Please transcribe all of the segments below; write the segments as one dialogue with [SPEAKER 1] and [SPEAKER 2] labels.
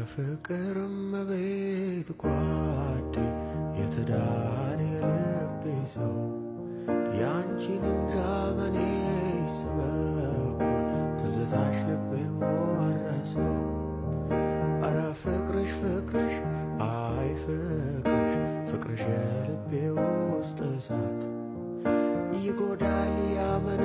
[SPEAKER 1] የፍቅርም ቤት ጓዴ የትዳር የልቤ ሰው ያንቺን እንጃ በኔ ስበኩል ትዝታሽ ልቤን ወረሰው። አረ ፍቅርሽ ፍቅርሽ አይ ፍቅርሽ ፍቅርሽ የልቤ ውስጥ እሳት ይጎዳል ያመነ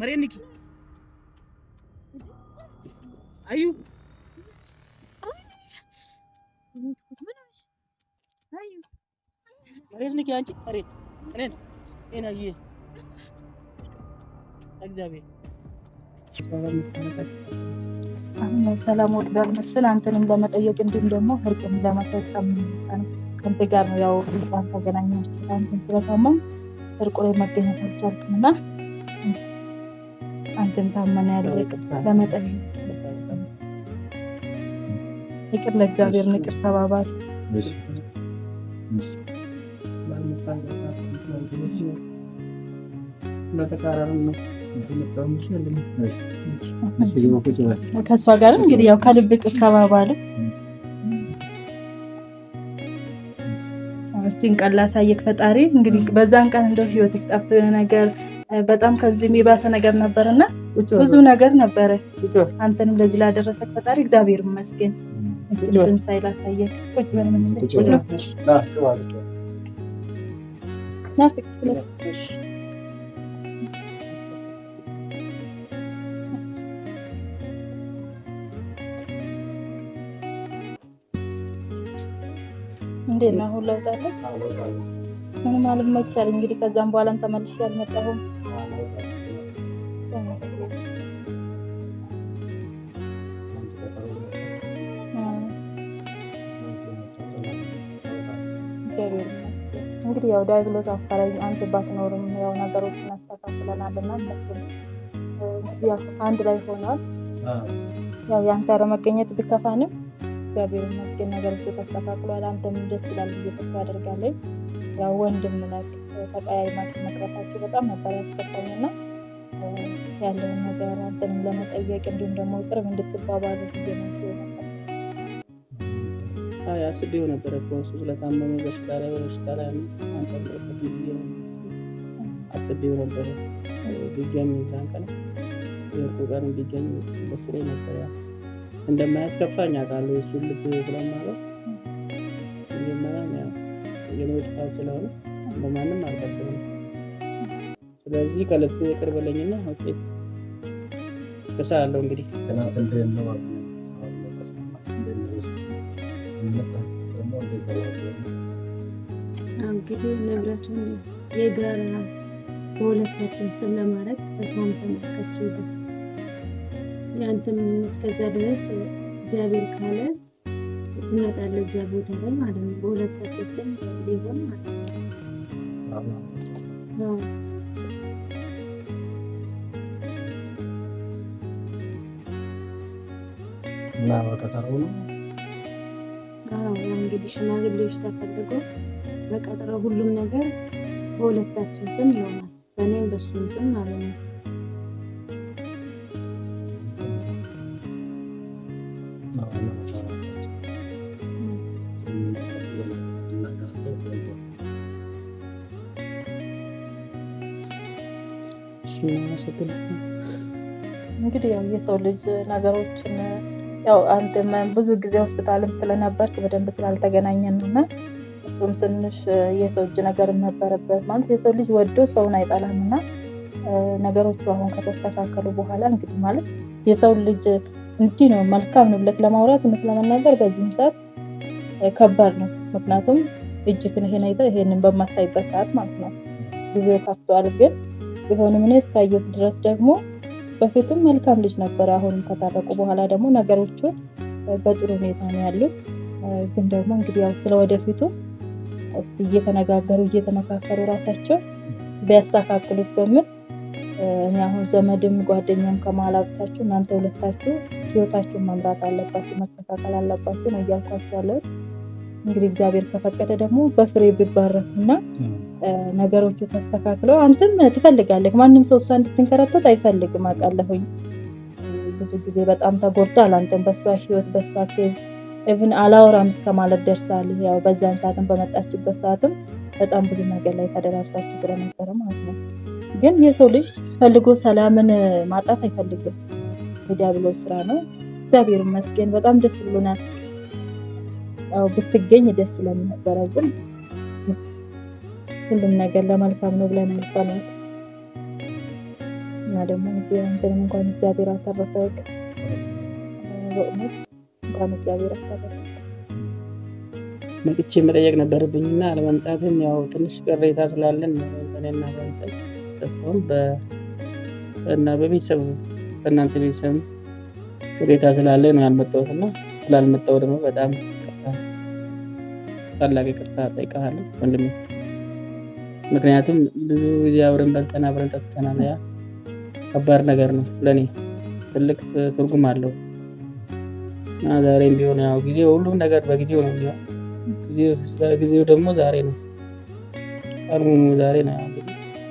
[SPEAKER 2] መሬንኪ አዩ መሬት ንኪ አንቺ መሬት መሬት ጤና ይይ እግዚአብሔር
[SPEAKER 3] ሰላም ወርዳል መስፍን አንተንም ለመጠየቅ እንዲሁም ደግሞ እርቅም ለመፈጸም ጋር ነው ያው ተገናኛችሁ። አንተም ስለታመም እርቁ ላይ መገኘት አልቻልክምና አንተም ታመና ያድርግ ለመጠን ይቅር ለእግዚአብሔር ንቅር ተባባል ከእሷ ጋርም እንግዲህ ያው ከልብ ቅር ተባባልም እችን ቀን ላሳየቅ ፈጣሪ እንግዲህ በዛን ቀን እንደው ህይወት ጠፍቶ የሆነ ነገር በጣም ከዚህም የባሰ ነገር ነበር ነበርና ብዙ ነገር ነበረ። አንተንም ለዚህ ላደረሰ ፈጣሪ እግዚአብሔር ይመስገን። ትንሳኤ ላሳየቅ ቁጭ በል መስሎኝ እንዴት ነው? አሁን ለውጥ አለ? ምንም አልመቻል። እንግዲህ ከዛም በኋላም ተመልሼ አልመጣሁም። እንግዲህ ያው ዳይብሎስ አፋላይ አንተ ባትኖርም ያው ነገሮችን አስተካክለናል እና እነሱም አንድ ላይ ሆኗል። ያው የአንተ አለመገኘት ቢከፋንም እግዚአብሔር ይመስገን ነገሮች ተስተካክሏል። አንተም ደስ ይላል ብዬ ተስፋ አደርጋለሁ። ያው ወንድም ነክ ተቀያይማችሁ መቅረታችሁ በጣም ነበር ያስከፋኝ እና ያለውን ነገር አንተንም ለመጠየቅ እንዲሁም ደግሞ ቅርብ እንድትባባሉ ጊዜ ነው
[SPEAKER 2] አስቤው ነበረ። ኮሱ ስለታመመ በሽታ ላይ በበሽታ ላይ አንጨምርበት ብዬ አስቤው ነበረ። ቢገኝ ዛን ቀን የእርቁ ቀን ቢገኝ ደስ ይለኝ ነበረ። እንደማያስከፋኝ አውቃለሁ። የእሱን ልብ ስለማለው መጀመሪያ ጥፋት ስለሆነ በማንም አልቀበልም። ስለዚህ ከልብ ይቅር በለኝና ውጤት እሳ ያለው እንግዲህ
[SPEAKER 3] እንግዲህ ንብረቱን የጋራ በሁለታችን ስም ለማድረግ ተስማምተን። ከሱ ጋር ያንተም እስከዛ ድረስ እግዚአብሔር ካለ ትመጣለህ እዚያ ቦታ ላይ ማለት ነው። በሁለታቸው ስም ሊሆን ማለት ነው።
[SPEAKER 4] እና በቀጠሮ ነው
[SPEAKER 3] እንግዲህ ሽማግሌዎች ተፈልጎ በቀጠሮ ሁሉም ነገር በሁለታችን ስም ይሆናል፣ በእኔም በሱም ስም ማለት ነው።
[SPEAKER 2] እናመሰግናለን።
[SPEAKER 3] እንግዲህ ያው የሰው ልጅ ነገሮችን ያው አንተ ብዙ ጊዜ ሆስፒታልም ስለነበርክ በደንብ ስላልተገናኘን እና እሱም ትንሽ የሰው እጅ ነገር ነበረበት። ማለት የሰው ልጅ ወዶ ሰውን አይጠላም እና ነገሮቹ አሁን ከተስተካከሉ በኋላ እንግዲህ ማለት የሰው ልጅ እንዲህ ነው መልካም ነው ብለህ ለማውራት እውነት ለመናገር በዚህም ሰዓት ከባድ ነው። ምክንያቱም እጅክን ይሄን አይተህ ይሄንን በማታይበት ሰዓት ማለት ነው ጊዜው ከፍቷል ግን ቢሆንም እኔ እስካየሁት ድረስ ደግሞ በፊትም መልካም ልጅ ነበረ። አሁንም ከታረቁ በኋላ ደግሞ ነገሮቹ በጥሩ ሁኔታ ነው ያሉት። ግን ደግሞ እንግዲህ ያው ስለ ወደፊቱ እስቲ እየተነጋገሩ እየተመካከሩ ራሳቸው ቢያስተካክሉት በምን እኔ አሁን ዘመድም ጓደኛም ከመሀል አውጥታችሁ እናንተ ሁለታችሁ ህይወታችሁን መምራት አለባችሁ፣ መስተካከል አለባችሁ ነው እያልኳቸው ያለሁት። እንግዲህ እግዚአብሔር ከፈቀደ ደግሞ በፍሬ ቢባረኩና ነገሮቹ ተስተካክለው አንተም ትፈልጋለህ። ማንም ሰው እሷ እንድትንከረተት አይፈልግም። አውቃለሁኝ ብዙ ጊዜ በጣም ተጎድቷል። አንተም በእሷ ህይወት በእሷ ኬዝ ኢቭን አላወራም እስከማለት ደርሳል። ያው በዛን ሰዓትም በመጣችበት ሰዓትም በጣም ብዙ ነገር ላይ ተደራርሳችሁ ስለነበረ ማለት ነው። ግን የሰው ልጅ ፈልጎ ሰላምን ማጣት አይፈልግም። ዲያብሎስ ስራ ነው። እግዚአብሔር ይመስገን በጣም ደስ ብሎናል። ብትገኝ ደስ ስለነበረ ግን ሁሉም ነገር ለመልካም ነው ብለን ይባላል እና ደግሞ ንትንም እንኳን እግዚአብሔር አተረፈ በእውነት እንኳን እግዚአብሔር አተረፈ
[SPEAKER 2] መጥቼ መጠየቅ ነበረብኝ እና አለመምጣትም ያው ትንሽ ቅሬታ ስላለን እኔና ጠስሆን እና በቤተሰብ በእናንተ ቤተሰብ ቅሬታ ስላለ ነው ያልመጣሁት እና ስላልመጣሁ ደግሞ በጣም ታላቅ ይቅርታ ጠይቀሃለሁ ወንድሜ። ምክንያቱም ብዙ ጊዜ አብረን በልተን አብረን ጠጥተናል። ያ ከባድ ነገር ነው፣ ለእኔ ትልቅ ትርጉም አለው እና ዛሬም ቢሆን ያው ጊዜ ሁሉም ነገር በጊዜው ነው የሚሆን። ጊዜው ደግሞ ዛሬ ነው፣ ቀድሞ ዛሬ ነው።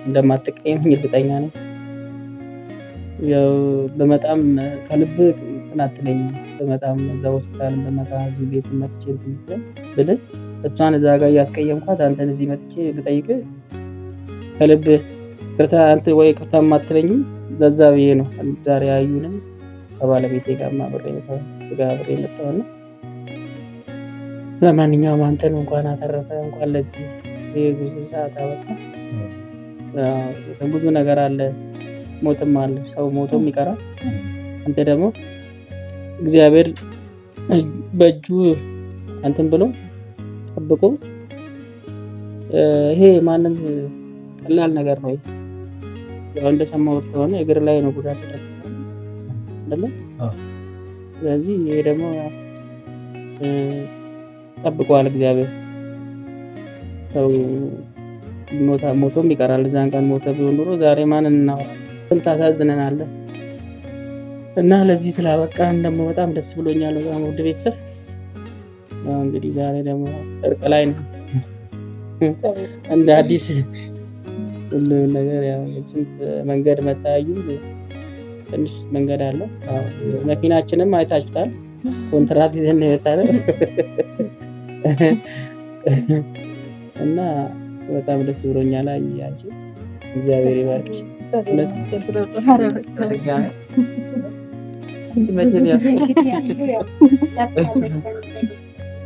[SPEAKER 2] እንደማትቀየመኝ እርግጠኛ ነኝ። ያው በመጣም ከልብ ቅናት በመጣም እዛ ሆስፒታል በመጣ እዚህ ቤት መጥቼ ብልህ እሷን እዛ ጋር እያስቀየምኳት አንተን እዚህ መጥቼ ብጠይቅህ ከልብ ቅርታ አንተ ወይ ቅርታ የማትለኝም ለዛ ብዬ ነው ዛሬ ያዩንም ከባለቤቴ ጋር ማብሬ ብሬ ነው። ለማንኛውም አንተን እንኳን አተረፈ እንኳን ለዚህ ጊዜ ብዙ ሰዓት አበቃ። ብዙ ነገር አለ፣ ሞትም አለ፣ ሰው ሞቶም ይቀራል። አንተ ደግሞ እግዚአብሔር በእጁ አንተን ብሎ ጠብቆ ይሄ ማንም ቀላል ነገር ነው። ያው እንደሰማሁት ከሆነ እግር ላይ ነው ጉዳት አይደለ? ስለዚህ ይሄ ደግሞ ጠብቀዋል እግዚአብሔር። ሰው ሞቶም ይቀራል። እዛን ቀን ሞተ ቢሆን ኑሮ ዛሬ ማን እናወራለን? ታሳዝነናለህ። እና ለዚህ ስላበቃን ደግሞ በጣም ደስ ብሎኛል። በጣም ውድ ቤተሰብ እንግዲህ ዛሬ ደግሞ እርቅ ላይ ነው። እንደ አዲስ ሁሉም ነገር ስንት መንገድ መታያዩ ትንሽ መንገድ አለው። መኪናችንም አይታችሁታል። ኮንትራት ይዘን የመጣለ እና በጣም ደስ ብሎኛል። አያች እግዚአብሔር ይባርክ። ሁለት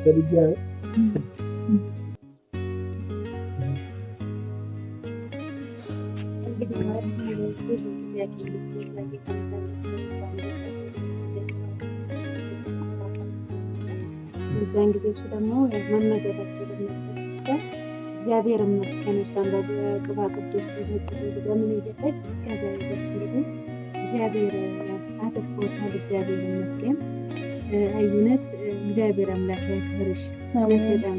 [SPEAKER 2] በዚያን ጊዜ
[SPEAKER 3] እሱ ደግሞ መመገባቸው ብቻ እግዚአብሔር ይመስገን እሷን በቅባ ቅዱስ በምን እግዚአብሔር አትርፎታል። እግዚአብሔር ይመስገን እግዚአብሔር አምላክ ያክብርሽ። ማለት በጣም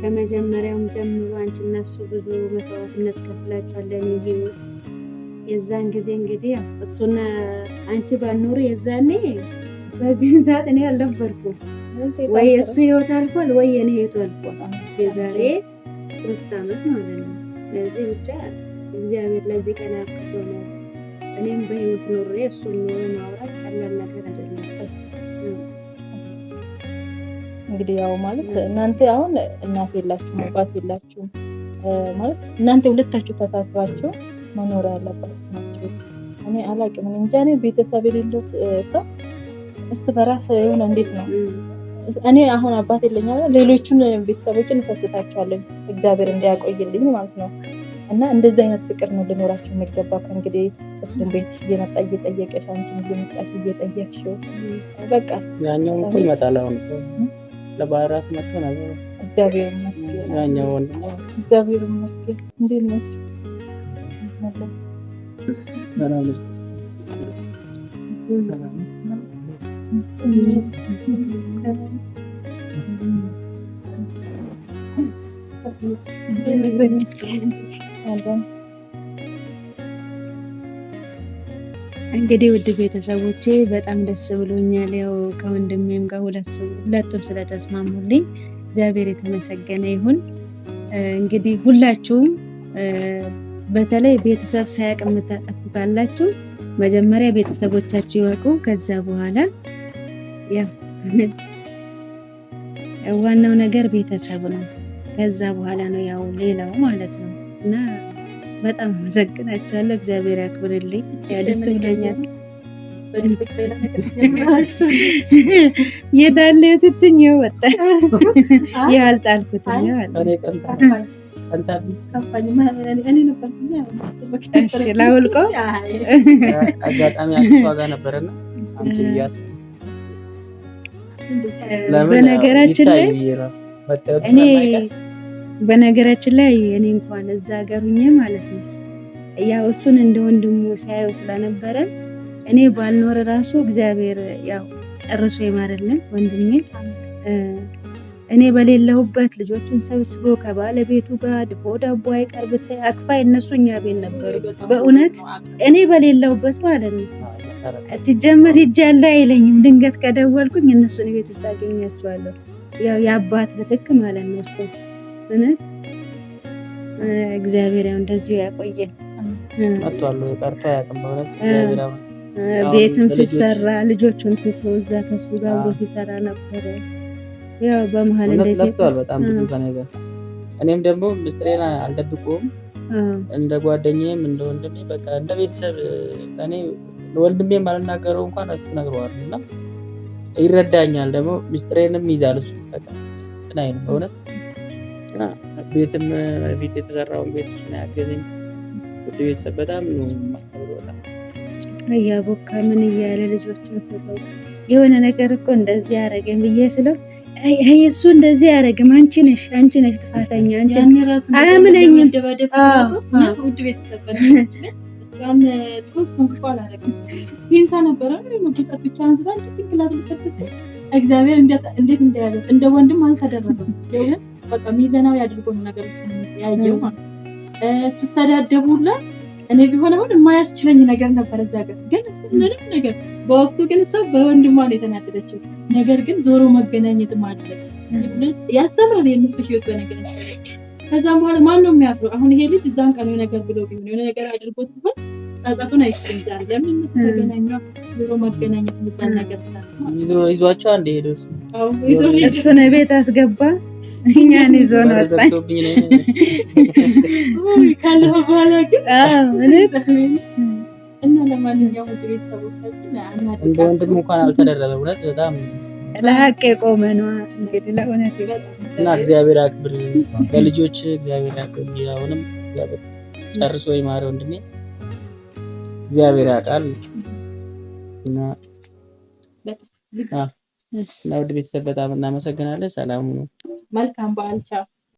[SPEAKER 3] ከመጀመሪያውም ጀምሮ አንቺ እነሱ ብዙ መስዋዕትነት ከፍላችኋል ለእኔ ህይወት። የዛን ጊዜ እንግዲህ እሱና አንቺ ባኖሩ የዛኔ በዚህን ሰዓት እኔ አልነበርኩም። ወይ እሱ ህይወት አልፏል ወይ የኔ ህይወት አልፏል። የዛሬ ሶስት ዓመት ማለት ነው። ስለዚህ ብቻ እግዚአብሔር ለዚህ ቀን አብቅቶ ነው እኔም በህይወት ኖሬ እሱን ኖሮ ማውራት ቀላል ነገር እንግዲህ ያው ማለት እናንተ አሁን እናት የላችሁም አባት የላችሁም ማለት እናንተ ሁለታችሁ ተሳስባችሁ መኖር ያለባችሁ ናቸው። እኔ አላቅም እንጃ እኔ ቤተሰብ የሌለው ሰው እርስ በራስ የሆነ እንዴት ነው እኔ አሁን አባት የለኛ ሌሎቹን ቤተሰቦችን እሰስታቸዋለን እግዚአብሔር እንዲያቆይልኝ ማለት ነው። እና እንደዚህ አይነት ፍቅር ነው ልኖራቸው የሚገባ። ከእንግዲህ እሱን ቤት እየመጣ እየጠየቀሽ አንቺም እየመጣሽ እየጠየቅሽው በቃ
[SPEAKER 2] ያኛው ይመጣል አሁን ለባህራት መጥቶ ነበር።
[SPEAKER 3] እግዚአብሔር ይመስገን።
[SPEAKER 2] ያኛው ወንድሞ
[SPEAKER 3] እግዚአብሔር ይመስገን። እንዴት ነሽ? ሰላም ነሽ? ሰላም እንግዲህ ውድ ቤተሰቦቼ በጣም ደስ ብሎኛል። ያው ከወንድሜም ጋር ሁለቱም ስለተስማሙልኝ እግዚአብሔር የተመሰገነ ይሁን። እንግዲህ ሁላችሁም በተለይ ቤተሰብ ሳያቅ የምታጠፉ ካላችሁ መጀመሪያ ቤተሰቦቻችሁ ይወቁ። ከዛ በኋላ ያው ዋናው ነገር ቤተሰብ ነው። ከዛ በኋላ ነው ያው ሌላው ማለት ነው እና በጣም አመሰግናቸዋለሁ። እግዚአብሔር ያክብርልኝ። ደስ ብሎኛል። የታለ ስትኝ ወጣ ያልጣልኩት ላውልቆ
[SPEAKER 2] አጋጣሚ ዋጋ ነበረና
[SPEAKER 3] በነገራችን ላይ እኔ በነገራችን ላይ እኔ እንኳን እዛ ሀገር ሁኜ ማለት ነው ያው እሱን እንደ ወንድሙ ሲያየው ስለነበረ እኔ ባልኖር ራሱ እግዚአብሔር ያው ጨርሶ ይማርልን ወንድሜ። እኔ በሌለሁበት ልጆቹን ሰብስቦ ከባለቤቱ ጋር ድፎ ዳቦ አይቀር ብታይ አክፋ እነሱ እኛ ቤት ነበሩ። በእውነት እኔ በሌለሁበት ማለት ነው። ሲጀመር ሂጅ ያለ አይለኝም። ድንገት ከደወልኩኝ እነሱን ቤት ውስጥ አገኛቸዋለሁ። ያው የአባት ማለት ነው እሱ እውነት እግዚአብሔር ያው እንደዚሁ ያቆየን። ቤትም ሲሰራ ልጆቹን ትቶ እዛ ከሱ ጋር አብሮ ሲሰራ ነበረ። ያው በመሀል እንደዚህ በጣም ብዙ ከነገር
[SPEAKER 2] እኔም ደግሞ ምስጢሬን አልደብቆም እንደ ጓደኛዬም እንደ ወንድሜ በቃ እንደ ቤተሰብ እኔ ወንድሜ ማልናገረው እንኳን እሱ ነግረዋል እና ይረዳኛል። ደግሞ ምስጢሬንም ይዛል እሱ በቃ ይ በእውነት ቤትም ፊት የተሰራውን ቤት ያገኝ ውድ ቤተሰብ በጣም
[SPEAKER 3] ጭቃ እያቦካ ምን እያለ ልጆችን ትተው የሆነ ነገር እኮ እንደዚህ ያደረገን ብዬ ስለው እሱ እንደዚህ ያደረግም አንቺ ነሽ አንቺ ነሽ ጥፋተኛ አያምነኝም። ውድ ቤተሰብ ያን ጥሩ እንክፋ አላደረግም። ነበረ ብቻ አንስታ ጭንቅላት ልትፈርስበት እግዚአብሔር እንዴት እንደያዘ እንደ ወንድም አልተደረገም። በቃ ሚዘናዊ አድርጎ ነገሮች ያየው ማለት ነው። ስስተዳደቡላ እኔ ቢሆን አሁን የማያስችለኝ ነገር ነበር እዛ ጋር ግን ምንም ነገር በወቅቱ ግን ሰው በወንድሟ ነው የተናደደችው። ነገር ግን ዞሮ መገናኘት አለ ያስተምራል የእነሱ ህይወት በነገር ከዛም በኋላ ማን ነው የሚያፍረው? አሁን ይሄ ልጅ እዛን ቀን የሆነ ነገር ብሎ ቢሆን የሆነ ነገር አድርጎት ቢሆን ጸጸቱን አይችልም። ዛሬ ለምን እነሱ ተገናኙ? ዞሮ መገናኘት የሚባል ነገር
[SPEAKER 2] ይዟቸው አንድ ሄደ
[SPEAKER 3] እሱ ቤት አስገባ እኛን ይዞ ነው ወጣኝ። በኋላ ግን እና ለማንኛውም ውድ ቤተሰቦቻችን
[SPEAKER 2] እንኳን አልተደረበ። እውነት በጣም
[SPEAKER 3] ለሀቅ የቆመ ነው። እንግዲህ ለእውነት
[SPEAKER 2] እና እግዚአብሔር ለልጆች እግዚአብሔር አሁንም እግዚአብሔር ጨርሶ ወንድሜ፣ እግዚአብሔር ያውቃል እና እና ውድ ቤተሰብ በጣም እናመሰግናለን። ሰላም ነው።
[SPEAKER 3] መልካም በዓል። ቻው